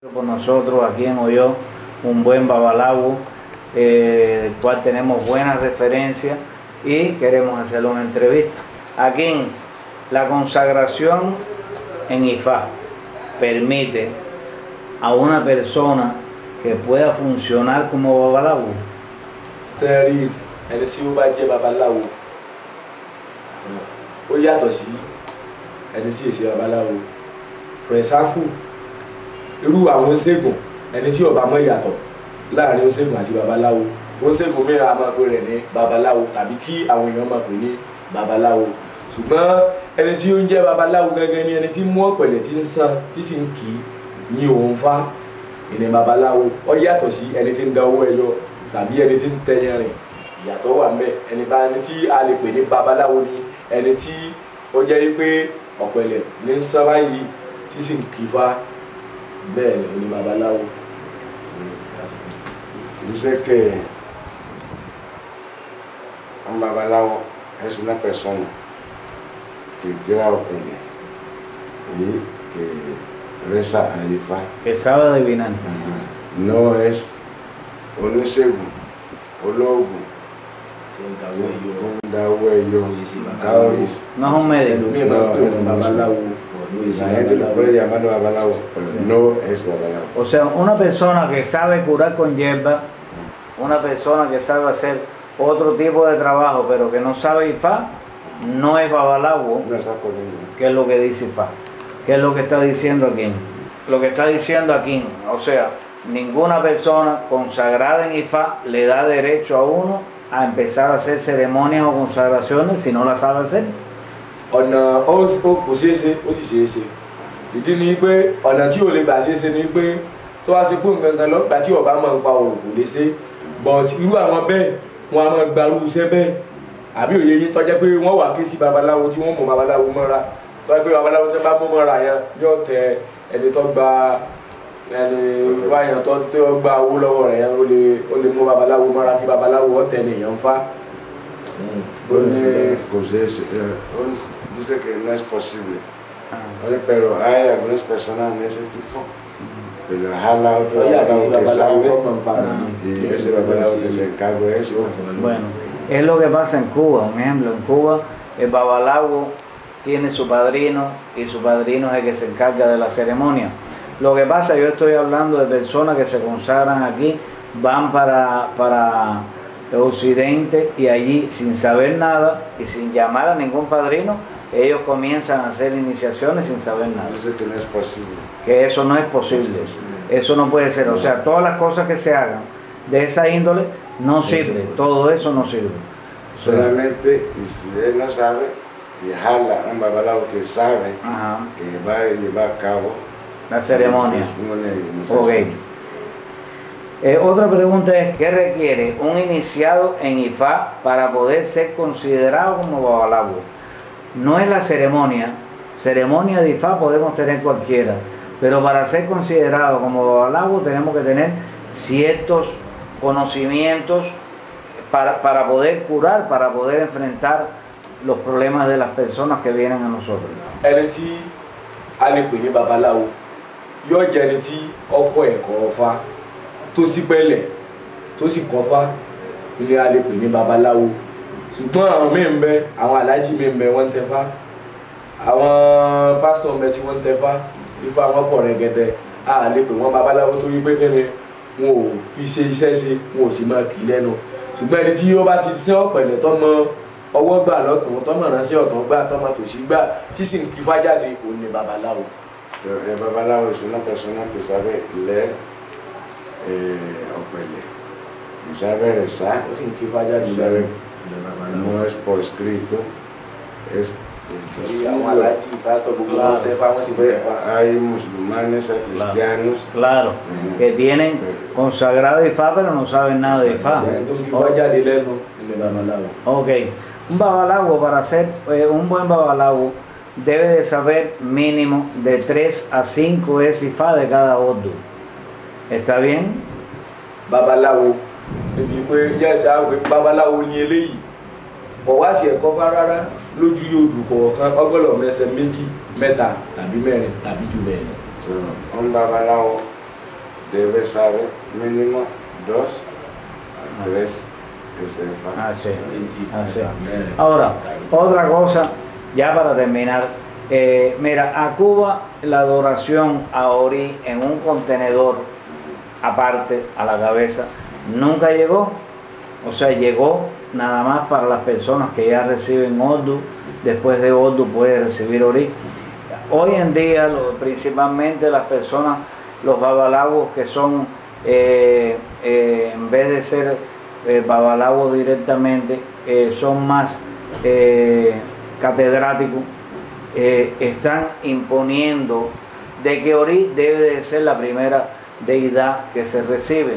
Por nosotros aquí en Oyo, un buen babalabu, eh, del cual tenemos buenas referencias y queremos hacerle una entrevista. Aquí, la consagración en IFA permite a una persona que pueda funcionar como babalago. babalago. irú àwọn oníṣègùn ẹni tí ọba mọ ìyàtọ̀ láàrin oníṣègùn àti babaláwo oníṣègùn mìíràn a máa pè rẹ̀ ní babaláwo tàbí kí àwọn èèyàn máa pè ní babaláwo ṣùgbọ́n ẹni tí ó ń jẹ́ babaláwo gẹ́gẹ́ ni ẹni tí mú ọ̀pẹ̀lẹ̀ tí ń san tí sì ń kì í ní òun fá ìní babaláwo ó yàtọ̀ sí ẹni tí ń da owó ẹyọ tàbí ẹni tí ń tẹyàn rìn ìyàtọ̀ wà mẹ́ ẹni bá ẹni tí a lè pè ní babaláwo ni ẹni tí ó jẹ́ pé ọ̀pẹ̀lẹ̀ ní ń san báyìí tí sì ń kì í fá bẹ́ẹ̀ ni babaláwo dice que un babaláwo es una persona que crea opinión y que reza a Ifá. Que sabe adivinar No es oníṣègùn olóògùn tó ń dáwọ́ ẹyọ no es un médico. No, es un babaláwo no es O sea, una persona que sabe curar con hierba, una persona que sabe hacer otro tipo de trabajo, pero que no sabe IFA, no es babalao, ¿Qué es lo que dice IFA, ¿Qué es lo que está diciendo aquí. Lo que está diciendo aquí, o sea, ninguna persona consagrada en IFA le da derecho a uno a empezar a hacer ceremonias o consagraciones si no las sabe hacer. ọ̀nà ó kò ṣeé ṣe ó sì ṣeé ṣe ìdí ni pé ọ̀nà tí ò lè gbà ṣeé ṣe ni pé tó wá sí pé nǹkan kan lọ́gbà tí ọ̀bá máa ń pa òògùn lè ṣe but irú àwọn bẹ́ẹ̀ wọn a máa gbarú iṣẹ́ bẹ́ẹ̀ àbí òye yín tọ́jẹ́ pé wọ́n wà ké sí babaláwo tí wọ́n mú babaláwo mọ́ra tọ́jẹ́ pé babaláwo tí wọ́n bá mú mọ́ra yẹn yóò tẹ ẹni tó gba ẹni wáyàn tó tó gba owó lọ́wọ́ rẹ̀ yẹn ó lè mú babaláwo mọ́ra tí babaláwo ọ̀tẹ̀ nìyẹn ń fa. kò ṣeé ṣe dice que no es posible. Ah. Pero hay algunas personas de ese tipo que a ese se de eso. Bueno, es lo que pasa en Cuba, un ejemplo, en Cuba el babalago tiene su padrino y su padrino es el que se encarga de la ceremonia. Lo que pasa, yo estoy hablando de personas que se consagran aquí, van para, para el occidente y allí sin saber nada y sin llamar a ningún padrino ellos comienzan a hacer iniciaciones sin saber nada. Dice que no es posible. Que eso no es posible. Eso no puede ser. O sea, todas las cosas que se hagan de esa índole no sirve. Todo eso no sirve. Solamente, si él no sabe, a un babalabo que sabe que va a llevar a cabo la ceremonia. ok eh, otra pregunta es, ¿qué requiere un iniciado en IFA para poder ser considerado como babalabo? no es la ceremonia. Ceremonia de Ifá podemos tener cualquiera, pero para ser considerado como babalabo tenemos que tener ciertos conocimientos para, poder curar, para poder enfrentar los problemas de las personas que vienen a nosotros. ṣùgbọ́n àwọn míì ń bẹ àwọn aláàjì míì ń bẹ wọ́n ń tẹ́fá àwọn pásítọ̀ ń bẹ tí wọ́n ń tẹ́fá ifá wọn pọ̀ rẹ̀gẹ̀dẹ̀ a lè pè wọ́n babaláwo tó yí pé kẹ́ni wọn ò fi ṣe iṣẹ́ ṣe wọn ò sì máa kì í lẹ́nu ṣùgbọ́n ẹni tí ó bá ti sẹ́ ọ̀pẹ̀lẹ̀ tọ́mọ ọwọ́ gbà lọ́tún tọ́mọ ránṣẹ́ ọ̀tún gbà tọ́mọ tòṣì gbà tí sì ń kí fájáde òun ni babaláwo. ẹ babaláwo ìṣúná tẹ̀sánná kò sábẹ́ lẹ́ eh, ọ̀pẹ̀lẹ̀ kò sábẹ́ rẹ̀ sá ó sì ń kí fájáde lẹ́rìí. no es por escrito, es hay musulmanes, hay cristianos. Claro, que tienen consagrado Ifá, pero no saben nada de Ifá. Ok, un babalago para hacer eh, un buen babalago debe de saber mínimo de 3 a 5 es de cada otro. ¿Está bien? Babalago y pé ya pé babaláwo ni eléyìí ọ̀wáṣì ẹ̀kọ́ bá rárá lójú yóò dùn kọ̀ọ̀kan ọgbọ́dọ̀ mẹsẹ̀ méjì mẹ́ta tàbí mẹ́rin tàbí jù bẹ́ẹ̀ lọ. un babaláwo debe saber mínimo dos tres Así, así. Ahora, otra cosa, ya para terminar, eh, mira, a Cuba la adoración a Ori en un contenedor aparte, a la cabeza, nunca llegó. O sea, llegó nada más para las personas que ya reciben Ordu, después de Odu puede recibir Ori. Hoy en día, principalmente las personas, los babalagos que son, eh, eh, en vez de ser eh, directamente, eh, son más catedráticos, están imponiendo de que Ori debe de ser la primera deidad que se recibe.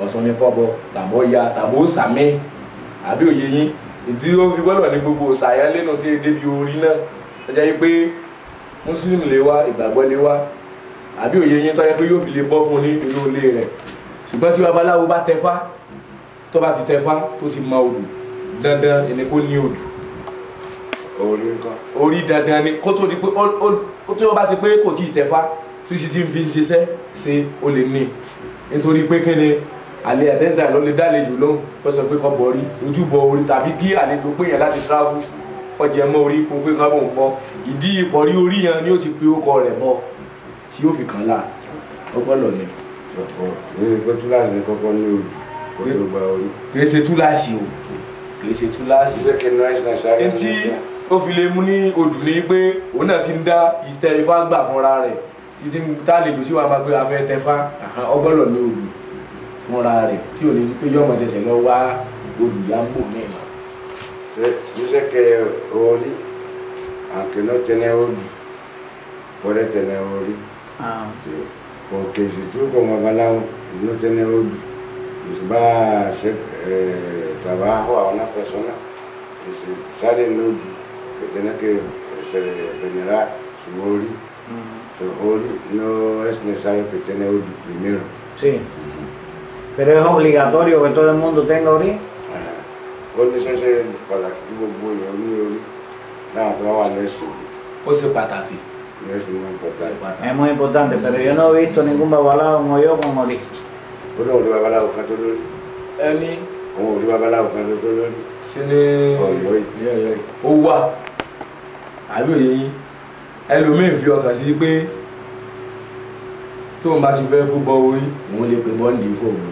ọ̀sán ní fọ́bọ tàbọ̀ ya tàbọ̀ sàmì àbí òye yín ìdí ó fi gbọ́dọ̀ ní gbogbo sàyẹ́ lẹ́nu tí èdè bíi orí náà ṣẹjẹ́ yí pé mùsùlùmí lè wá ìgbàgbọ́ lè wá àbí òye yín tọ́jú pé yóò fi lè bọ́ fún ní inú ilé rẹ̀ ṣùgbọ́n tí babaláwo bá tẹfá tó bá ti tẹfá tó ti mọ odù dandan ẹni kó ní odù orí nǹkan orí dandan ni kó tó di pé ó tó bá ti pé kò tí ì tẹfá títí tí n fi ṣiṣẹ́ ṣe ó lè ní nítorí pé kéde alẹ́ àtẹ́ńdà ló lè dálejò lóhùn kó sọ pé kọ́ bọ̀ rí ojúbọ orí tàbí kí àlejò pé yẹn láti travel ọjà mọ́ orí fún pé kábọ̀ ń fọ́ ìdí ìpọ̀rí orí yẹn ni ó ti pe orúkọ rẹ̀ bọ́ tí yóò fi kàn lá ọgbọ́lọ̀ ni. ọ̀pọ̀ ní kó túláàsì kọ́kọ́ ní orí kó tó o kìí ṣe túláàsì. ṣé kí náà ṣe sáré ní ìyá. ó fi lè mú ní odù ní pé òun náà ti ń dá ìtẹ ifá gbà fúnra rẹ̀ títí tá a lè lù sí wàá máa gbé afẹ́ tẹfá ọgbọ́lọ̀ ní odù fúnra rẹ̀ tí yo lè ní no va a ṣẹ̀ṣẹ̀ lọ wá olùyàmbò que Jiseke aunque no tiene hoy, puede tener ori. Ah. Sí. Porque si tú como balao no tienes ori pues va a hacer eh, trabajo a una persona que se sale el que tiene que generar su ori. Uh mm. Su ori no es necesario que tiene ori primero. Sí. Pero es obligatorio que todo el mundo tenga orín. ¿Cuál es ese para que tuvo muy orín? Nada, trabajo no es. Pues es patati. No es muy importante. Es muy importante, pero yo no he visto ningún babalao como yo con orín. Bueno, el babalado, Catorol. ¿Eli? ¿Cómo el babalado, Catorol? Sene. Oye, oye. Owa. Àlóyè ẹlòmíì el ọkàn que pé tóun bá ti fẹ́ kú bọ́ orí òun lè pè bọ́ǹdì fóònù.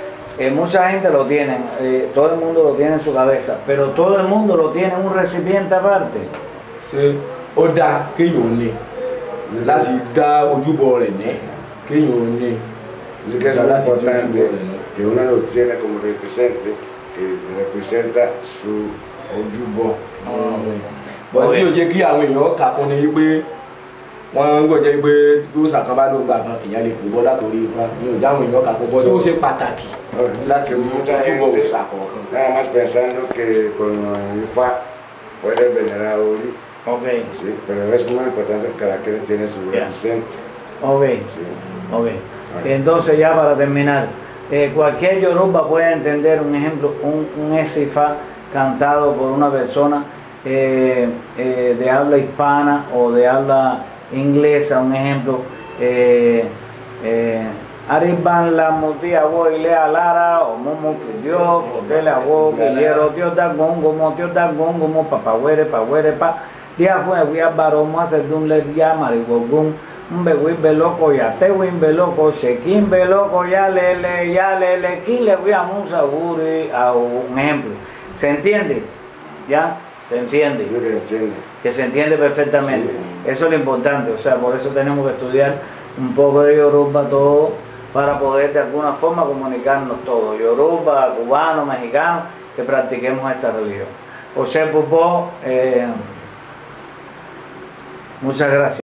que mucha gente lo tiene, eh, todo el mundo lo tiene en su cabeza, pero todo el mundo lo tiene en un recipiente aparte. ṣé ó dáa kéèyàn ní láti dá ojúbọ rẹ̀ ní kéèyàn ní. Sí que es muy importante que uno lo tiene como representante, que representa su ojúbọ. Ah, Bọ̀dé ò jẹ́ kí àwọn èèyàn kà fún ni wípé. Cuando yo gbọ́dọ̀ pé rúùsà kan bá ló ń gbà kan èèyàn lè kó bọ́ látòrí ifá ní ìdáhùn ìyọ́ kà kó bọ́ tó ṣe pàtàkì láti mú túbọ̀ òòṣà kọ̀ọ̀kan. náà má ti bẹ̀rẹ̀ sáyẹn lókè kọ̀ọ̀nà ifá pero es muy importante el carácter tiene su representante. ọbẹ̀ ọbẹ̀ entonces ya para terminar eh, cualquier yoruba puede entender un ejemplo un, un cantado por una persona eh, eh, de habla hispana o de habla inglesa, un ejemplo, eh, eh, Ariban la mutia voy le alara o momo que dio hotel a wo que hierro dio da gongo mo Dios da gongo mo pa were pa pa dia fue we a baromo, se dun le dia mari un mbe loco, ya te we loco, se kin loco, ya le le ya le le kin le voy a a un ejemplo se entiende ya ¿Se entiende? que, se entiende perfectamente. Eso es lo importante, o sea, por eso tenemos que estudiar un poco de Yoruba todo para poder de alguna forma comunicarnos todos, Yoruba, cubano, mexicano, que practiquemos esta religión. José Pupó, eh, muchas gracias.